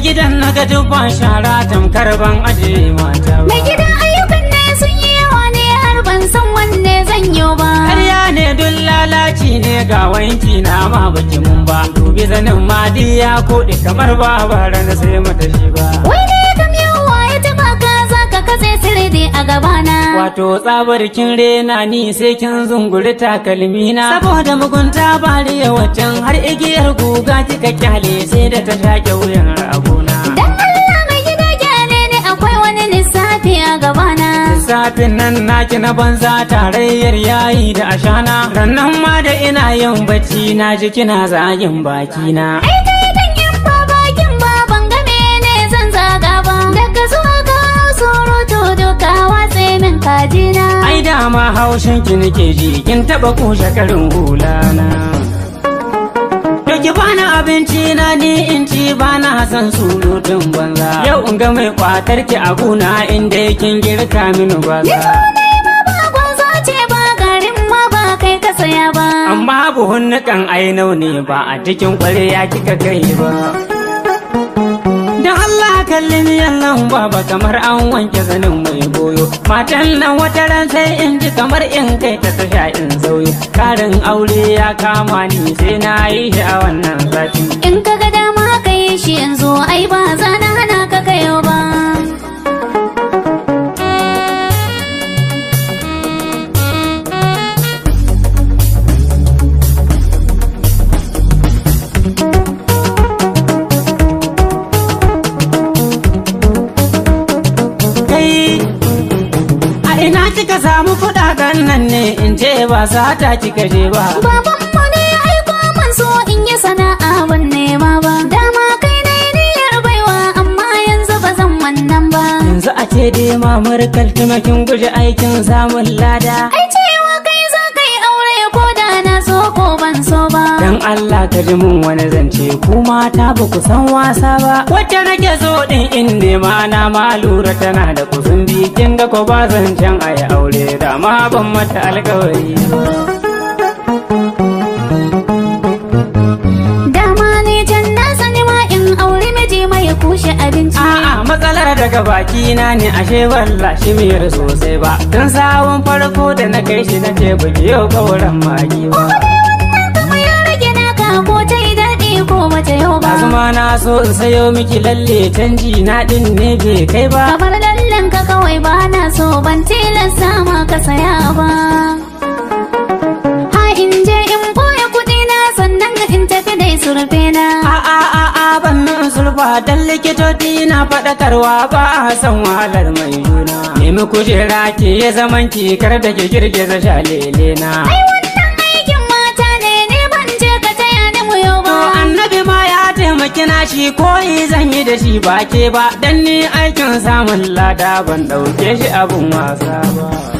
gidan na ga dubban shara tamkar ban aje mata ba. mai gidan ayyukan ne sun yi yawa ne har ban san wanne zan yi ba karya ne dun lalaci ne ga wanki na ma baki mun ba dubi zanin ma ko koɗe kamar ba na sai mata shi to tsabar kin rena ni sai kin zunguri takalmi na saboda mugunta bari ya wacan har igiyar guga kika kyale sai da ta take wuyan abuna dan Allah mai gida gyale ne akwai wani lissafi a gabana lissafin nan naki na banza tarayyar yayi da ashana rannan ma da ina yin bacci na ji kina zagin bakina. na ma haushin ki nake ji kin taba kushe karin hulana ki bani abinci na ni in ci bana san surutun banza yau in ga mai kwatar ki a guna inda kin girka min banza. saya ba. Amma buhun nukan ainau ne ba a cikin kwarya kika kai ba. Da Allah kallin miyan baba kamar an wanke zanin mai goyo matan nan wata ran sai in ji kamar in kai ta tasha in sauyo karin aure ya kama ni sai na yi shi a wannan zafi in ka ga dama ka yi shi yanzu ina kika samu kuɗaɗen nan ne in ce ba za ta kika je ba baban mu ne aiko man so in yi sana'a ban nema ba dama kai na niyyar baiwa amma yanzu ba zan wannan ba yanzu a ce dai mamar kaltuma kin guji aikin samun lada ai cewa kai za kai aure ko da na so ko ban so Allah ka ji mun wani zance ku mata ba ku san wasa ba wacce nake so din in ma na ma lura tana da kusun bi kin ga ko ba zancen ayi aure da ma ban mata alkawari kushe abinci. A'a matsalar daga baki na ne ashe walla shi miyar sosai ba. Don sawun farko da na kai shi na ce buge yau kauran magi ba. wace yau ba Azuma na so in sayo miki lalle canji na din ne bai kai ba Kabar lallen ka kawai ba na so ban tilasta ma ka saya ba Ha in je in boye kuɗi na sannan in tafi dai surfe na A a a a ban sulfa dan likitoci na faɗakarwa ba a san wahalar mai juna Nemi kujera ke ya zaman ki kar da ki girgiza shalele na samu kina shi koyi zan yi da shi ba ke ba dan ni aikin samun lada ban ɗauke shi abin wasa ba